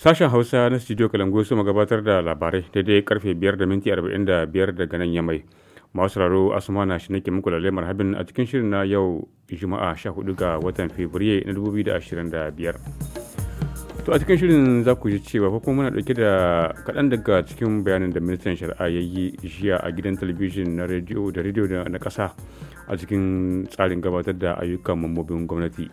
Sashen Hausa na Studio kalangosu su gabatar da labarai daidai karfe 5 da minti 45 daga nan yamai. Masu raro Asuma na shi nake muku lalle marhabin a cikin shirin na yau Juma'a 14 ga watan Fabrairu na 2025. To a cikin shirin za ku ji cewa kuma muna dauke da kaɗan daga cikin bayanin da ministan shari'a ya yi jiya a gidan talabijin na rediyo da rediyo na ƙasa a cikin tsarin gabatar da ayyukan mambobin gwamnati.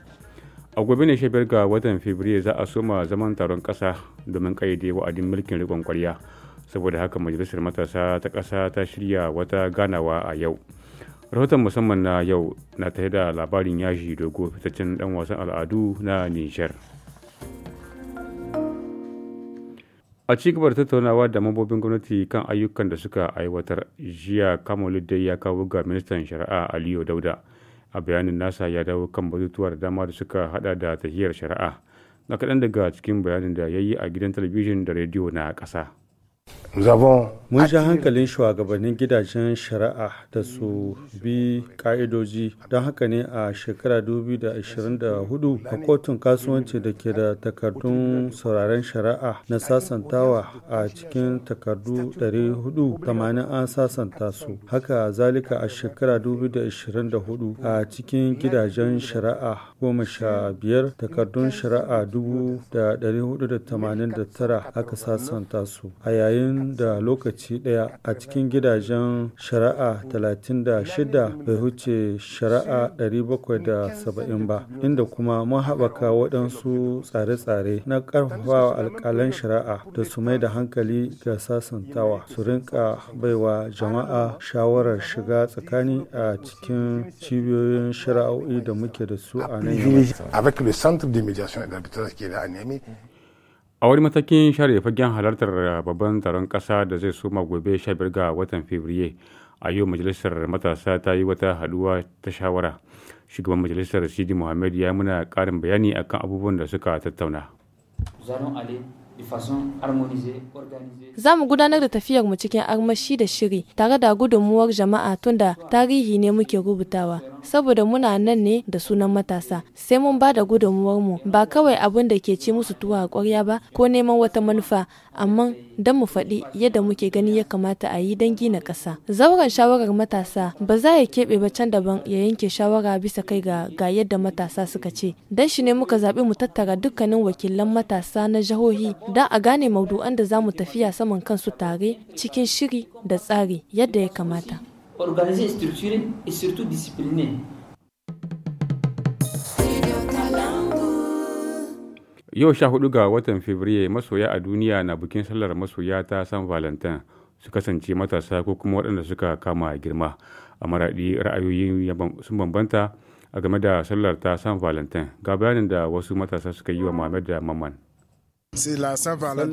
a gobe ne shabiyar ga watan fabrairu za a soma zaman taron kasa domin kayyade wa'adin mulkin rikon kwarya saboda haka majalisar matasa ta kasa ta shirya wata ganawa a yau rahoton musamman na yau na tare da labarin yaji dogo fitaccen dan wasan al'adu na nijar a ci gabar tattaunawa da mabobin gwamnati kan ayyukan da suka aiwatar jiya dai ya kawo ga ministan shari'a aliyu dauda a bayanin nasa ya dawo kan batutuwa da dama da suka hada da tahiyar shari'a na kaɗan daga cikin bayanin da ya yi a gidan talabijin da rediyo na ƙasa. Mun sha hankalin shugabannin gidajen shari'a da su bi ka'idoji don haka ne a shekara 2024 a kotun kasuwanci da ke da takardun sauraren shari'a na sasantawa a cikin takardu 480 an sasanta su. Haka zalika a shekara 2024 a cikin gidajen shari'a goma sha biyar takardun shari'a 489 aka sasanta su a yayin da lokaci ɗaya a cikin gidajen shari'a 36 bai huce shari'a 770 ba inda kuma mun haɓaka waɗansu tsare-tsare na ƙarfafawa alƙalan shari'a da su mai da hankali ga sasantawa su rinka baiwa jama'a shawarar shiga tsakani a cikin cibiyoyin shari'a'o'i da muke da su a nan a wani matakin share fagen halartar babban taron ƙasa da zai soma gobe 15 ga watan fabriye a yau majalisar matasa ta yi wata haduwa ta shawara shugaban majalisar sidi muhammad ya muna ƙarin bayani akan abubuwan da suka tattauna Za mu gudanar da tafiyar mu cikin armashi da shiri tare da gudunmuwar jama'a tunda tarihi ne muke rubutawa. Saboda muna nan ne da sunan matasa, sai mun ba da gudunmuwar mu ba kawai abin da ke ci musu tuwa a ƙwarya ba ko neman wata manufa, amma don mu faɗi yadda muke gani ya kamata a yi don gina ƙasa. Zauren shawarar matasa ba za ya keɓe ba can daban ya yanke shawara bisa kai ga ga yadda matasa suka ce. Don shi ne muka zaɓi mu tattara dukkanin wakilan matasa na jihohi don a gane maudu'an da za mu tafiya saman kansu tare cikin shiri da tsari yadda ya kamata. Yau sha hudu ga watan Fabrairu masoya a duniya na bukin sallar masoya ta San Valentin su kasance matasa ko kuma waɗanda suka kama girma. A maraɗi ra'ayoyin sun bambanta a game da sallar ta San Valentin ga bayanin da wasu matasa suka yi wa Mohamed da Maman. sallar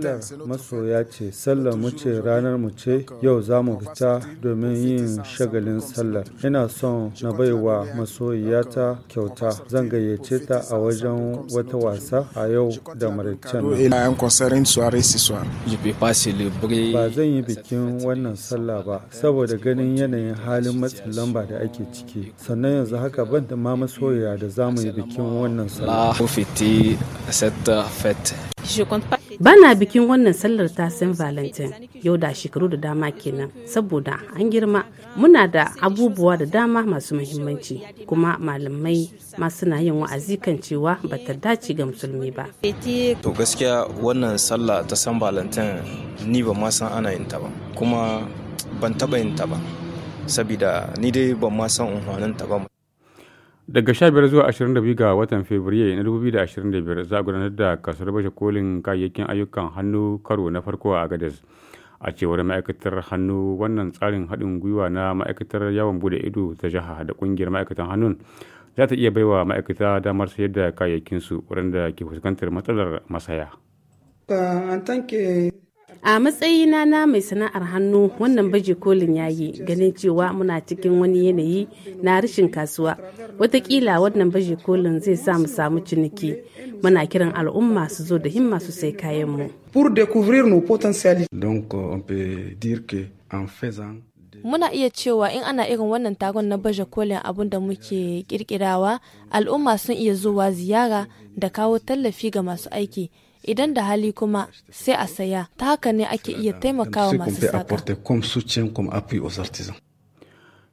masoya ce, sallar mu ce ranar mu ce yau za mu fita domin yin shagalin sallar. Ina son na baiwa masoyiyata kyauta zan gayyace ta a wajen wata wasa a yau da maraicen. Ba zan yi bikin wannan sallah ba saboda ganin yanayin halin matsin lamba da ake ciki. Sannan yanzu haka ban da ma masoyiya da za mu yi bikin wannan sallah. Bana bikin wannan sallar ta san Valentin yau da shekaru da dama kenan saboda an girma muna da abubuwa da dama masu muhimmanci kuma malamai ma suna yin wa'azi kan cewa ba ta dace ga musulmi ba. To gaskiya wannan sallah ta Saint Valentin ni ba ma san ana yin ta ba kuma ban taba yin ta ba sabida ni dai ban ma san ta ba. daga 15 zuwa 22 ga watan fabrairu na 2025 za a gudanar da kasuwar bashe kolin kayayyakin ayyukan hannu karo na farko a agadez a cewar ma'aikatar hannu wannan tsarin haɗin gwiwa na ma'aikatar yawon bude ido ta jiha da ƙungiyar ma'aikatan hannun za ta iya baiwa ma'aikata damar sayar da kayayyakinsu waɗanda ke fuskantar matsalar masaya. a matsayina na mai sana'ar hannu wannan baje kolin yayi ganin cewa muna cikin wani yanayi na rashin kasuwa watakila wannan baje kolin zai sa mu samu ciniki muna kiran al'umma su zo da himma su sai kayan mu pour découvrir nos potentialités donc on peut dire que en faisant muna iya cewa in ana irin wannan taron na baje kolin abun da muke kirkirawa al'umma sun iya zuwa ziyara da kawo tallafi ga masu aiki idan da hali kuma sai a saya ta haka ne ake iya taimakawa masu saƙa.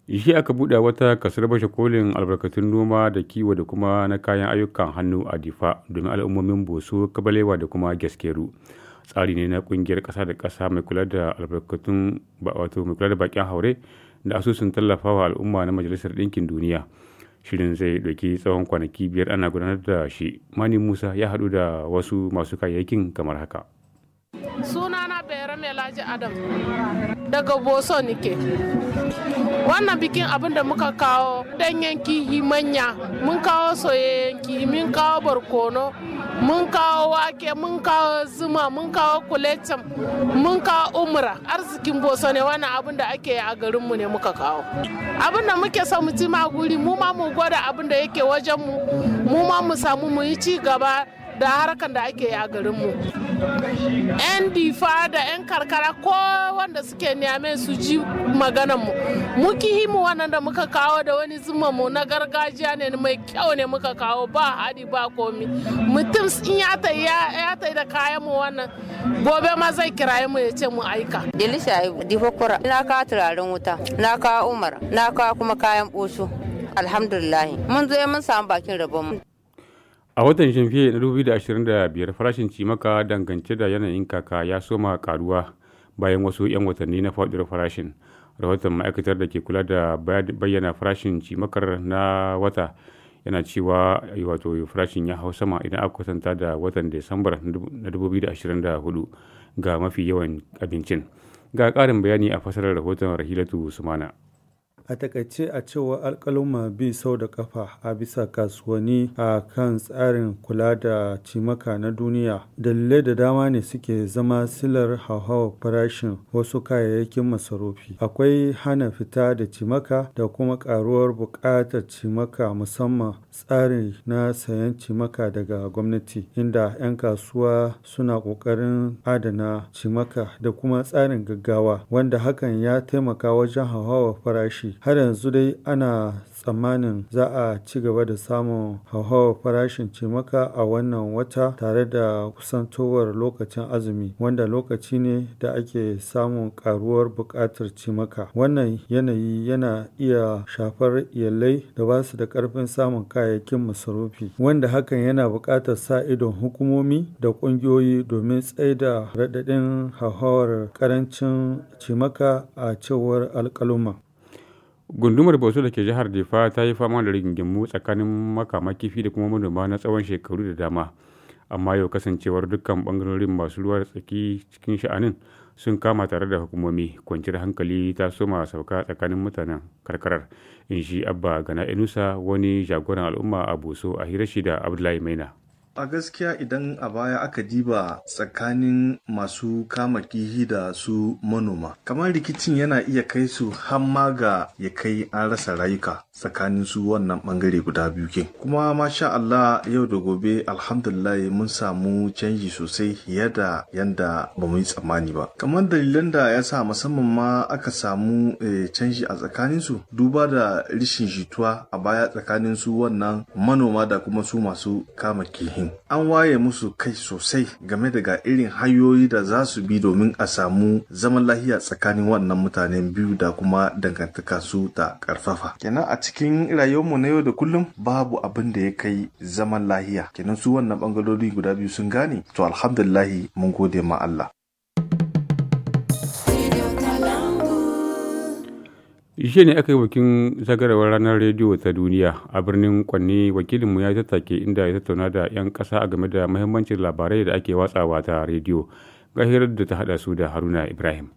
Shi aka buɗe wata kasar bashe kolin albarkatun noma da kiwo da kuma na kayan ayyukan hannu a difa domin al'ummomin boso kabalewa da kuma gaskeru. Tsari ne na ƙungiyar ƙasa da kasa mai kula da albarkatun wato mai kula da bakin haure da asusun tallafawa al'umma na Majalisar Ɗinkin Duniya. shirin zai ɗauki tsawon kwanaki biyar ana gudanar da shi mani musa ya haɗu da wasu masu kayayyakin kamar haka sunana bayram elaji adam daga boso nike wannan bikin abin da muka kawo ɗan kihi manya mun kawo soyayyen kihi mun kawo barkono mun kawo wake mun kawo zuma mun kawo kulecin mun kawo umra arzikin boso ne wani abin da ake a garinmu ne muka kawo abin da muke so mu ci guri mu ma mu gwada abin da yake wajenmu mu ma mu samu mu yi ci gaba da harkan da ake yi a garinmu 'yan difa da 'yan karkara ko wanda suke niyame su ji maganan mu muki himu wannan da muka kawo da wani zuma mu na gargajiya ne mai kyau ne muka kawo ba haɗi ba komi mutum in ya ta yi da kayan mu wannan gobe ma zai kiraye mu ya ce mu aika dilisha difa kura na kawo turaren wuta na kawo umar na kawo kuma kayan busu alhamdulillah mun zo mun samu bakin rabon mu A watan Janvier na 2025 farashin cimaka dangance da yanayin kaka ya soma karuwa bayan wasu 'yan watanni na faɗuwar farashin. Rahoton ma'aikatar da ke kula da bayyana farashin cimakar na wata yana cewa eh, wato farashin ya hau sama idan aka kwatanta da watan Desambar na 2024 ga mafi yawan abincin. Ga ƙarin bayani a fasarar rahoton Rahilatu Sumana. A takaice a cewa alkaluma bi sau da kafa a bisa kasuwanni a kan tsarin kula da cimaka na duniya. Dalilai da dama ne suke zama silar hauhawar farashin wasu kayayyakin masarufi. Akwai hana fita da cimaka da kuma karuwar buƙatar cimaka musamman tsari na sayan cimaka daga gwamnati inda 'yan kasuwa suna ƙoƙarin adana cimaka da kuma tsarin gaggawa wanda hakan ya taimaka wajen hauhawa farashi. har yanzu dai ana tsammanin za a ci gaba da samun hauhawar farashin cimaka a wannan wata tare da kusantowar lokacin azumi wanda lokaci ne da ake samun karuwar buƙatar cimaka wannan yanayi yana iya shafar iyalai da ba su da ƙarfin samun kayayyakin masarufi wanda hakan yana buƙatar sa idon hukumomi da ƙungiyoyi domin tsaida raɗaɗin hauhawar ƙarancin cimaka a cewar alkaluma Gundumar Boso da ke jihar Difa ta yi fama da rigingimu tsakanin makama kifi da kuma manoma na tsawon shekaru da dama. Amma yau kasancewar dukkan bangarorin masu ruwa tsaki cikin sha'anin sun kama tare da hukumomi kwanciyar hankali ta soma sauka tsakanin mutanen karkarar in shi abba gana inusa wani jagoran al'umma a boso a hira shi da abdullahi maina A gaskiya idan a baya aka diba tsakanin masu kama kihi da su manoma, kamar rikicin yana iya kai su hamma ga ya kai an rasa rayuka tsakanin su wannan bangare guda biyu ke. Kuma masha Allah yau da gobe alhamdulillah mun samu canji sosai fiye da yanda ba mu yi tsammani ba. Kamar dalilan da ya sa musamman ma aka samu eh, canji a tsakanin su duba da rishin jituwa a baya tsakanin su wannan manoma da kuma su masu kama kihi. Ibrahim an waye musu kai sosai game daga irin hanyoyi da za su bi domin a samu zaman lahiya tsakanin wannan mutanen biyu da kuma dangantaka su ta karfafa. Kenan a cikin rayuwarmu na yau da kullum babu abin da ya kai zaman lahiya. Kenan su wannan bangarori guda biyu sun gane to alhamdulillahi mun gode ma Allah. Jiya ne aka yi bikin zagarawar ranar rediyo ta duniya a birnin Kwanne wakilinmu ya tattake inda ya tattauna da 'yan ƙasa a game da muhimmancin labarai da ake watsawa ta rediyo. Gahirar da ta haɗa su da Haruna Ibrahim.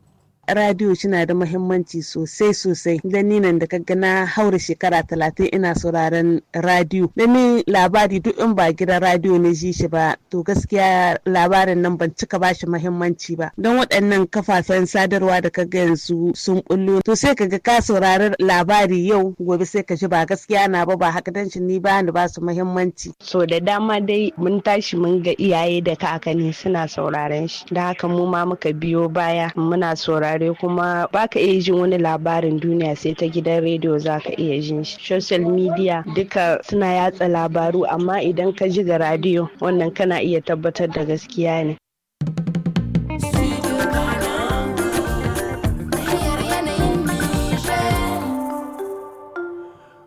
radio suna da mahimmanci sosai sosai dan ni nan da kaga na haura shekara talatin ina sauraron radio dan ni labari duk in ba gidan radio ne ji shi ba to gaskiya labarin nan ban cika bashi mahimmanci ba don waɗannan kafafen sadarwa da ka kaga yanzu sun bullo to sai kaga ka saurari labari yau gobe sai ka ji ba gaskiya na ba ba haka dan shi ni ba ni ba su mahimmanci so da dama dai mun tashi mun ga iyaye da kakanni suna sauraren shi da haka mu ma muka biyo baya muna sauraren saurare kuma baka iya jin wani labarin duniya sai ta gidan rediyo zaka iya jin shi social media duka suna yatsa labaru amma idan ka ji ga radiyo wannan kana iya tabbatar da gaskiya ne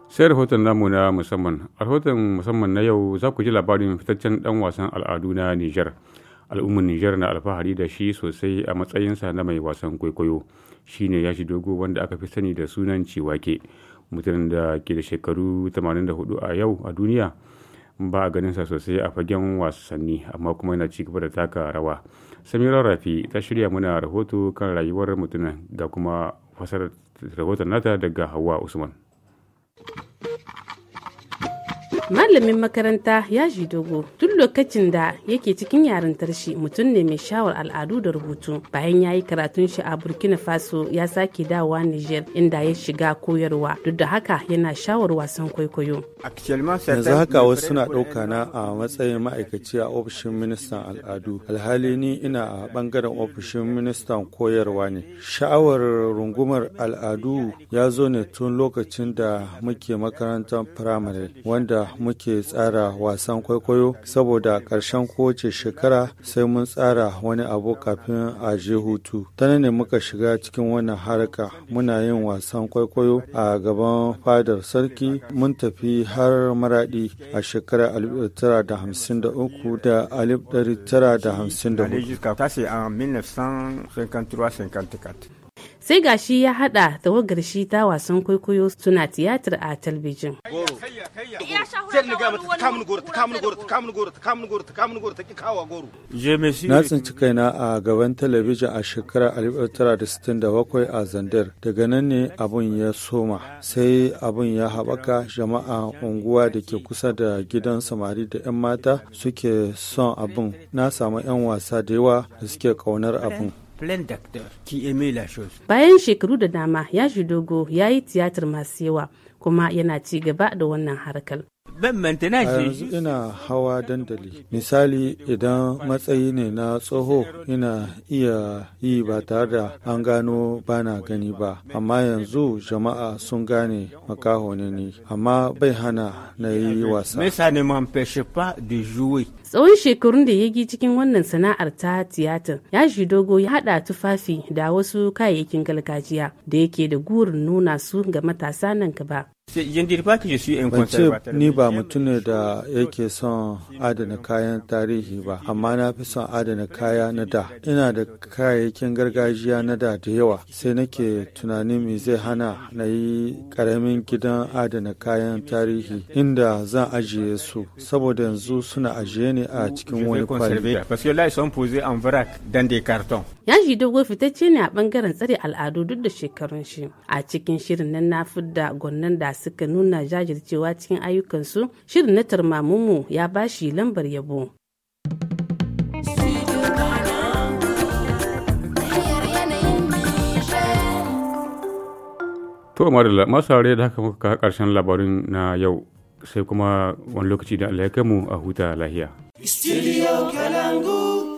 sai rahoton namu na musamman a rahoton musamman na yau za ku ji labarin fitaccen dan wasan al'adu na niger al'ummar nijar na alfahari da shi sosai a matsayinsa na mai wasan kwaikwayo shine ya shi dogo wanda aka fi sani da sunan ciwake mutumin da ke da shekaru 84 a yau a duniya ba a ganinsa sosai a fagen wasanni amma kuma yana ci gaba da taka rawa samira rafi ta shirya muna rahoto kan rayuwar mutumin da kuma fasarar rahoton nata daga hawa usman malamin makaranta ya ji dogo lokacin da yake cikin yarintar shi mutum ne mai shawar al'adu da rubutu bayan ya yi karatun shi a burkina faso ya sake dawowa niger inda ya shiga koyarwa duk da haka yana shawar wasan kwaikwayo yanzu haka wasu na ɗauka na a matsayin ma'aikaci a ofishin ministan al'adu alhali ni ina a bangaren ofishin ministan koyarwa ne sha'awar rungumar al'adu ya zo ne tun lokacin da muke makarantar firamare wanda muke tsara wasan kwaikwayo saboda ƙarshen kowace shekara sai mun tsara wani abu kafin a je hutu ta ne muka shiga cikin wannan harka muna yin wasan kwaikwayo a gaban fadar sarki mun tafi har maradi a shekara 1953 da 1954 sai gashi ya hada tawagar shi ta wasan kwaikwayo suna tiyatar a talbijin. Na tsinci kaina a gaban talabijin a shekarar 1967 a Zandar. Daga nan ne abun ya soma. Sai abun ya haɓaka jama'a unguwa da ke kusa da gidan samari da 'yan mata suke son abun. Na samu 'yan wasa da yawa da suke ƙaunar abun. plein d'acteurs qui aimaient la chose. Bayan shekaru da dama, Yashi Dogo ya yi tiyatar masu yawa kuma yana ci gaba da wannan harkar. a yanzu ina hawa dandali misali idan matsayi ne na tsoho ina iya yi ba tare da an gano bana gani ba amma yanzu jama'a sun gane makaho ne ni amma bai hana na yi wasa tsawon shekarun da ya gi cikin wannan sana'ar ta tiyatar ya shi dogo ya hada tufafi da wasu kayayyakin gargajiya da yake da gurin nuna su ga matasa nan gaba ce ni ba mutum ne da yake son adana kayan tarihi ba, amma na fi son adana kaya na da. Ina da kayayyakin gargajiya na da da yawa, sai nake tunanin me zai hana na yi karamin gidan adana kayan tarihi inda zan ajiye su, saboda yanzu suna ajiye ne a cikin wani Ya Yaji dogo fitacce ne a bangaren tsare al'adu duk da shekarun shi. A cikin shirin nan na fidda gwannan da suka nuna jajircewa cikin ayyukansu, shirin na tarmamumu ya bashi lambar yabo. To, Marila, masu aure da haka muka karshen labarin na yau sai kuma wani lokaci da Allah ya mu a huta lahiya. Studio Kalangu.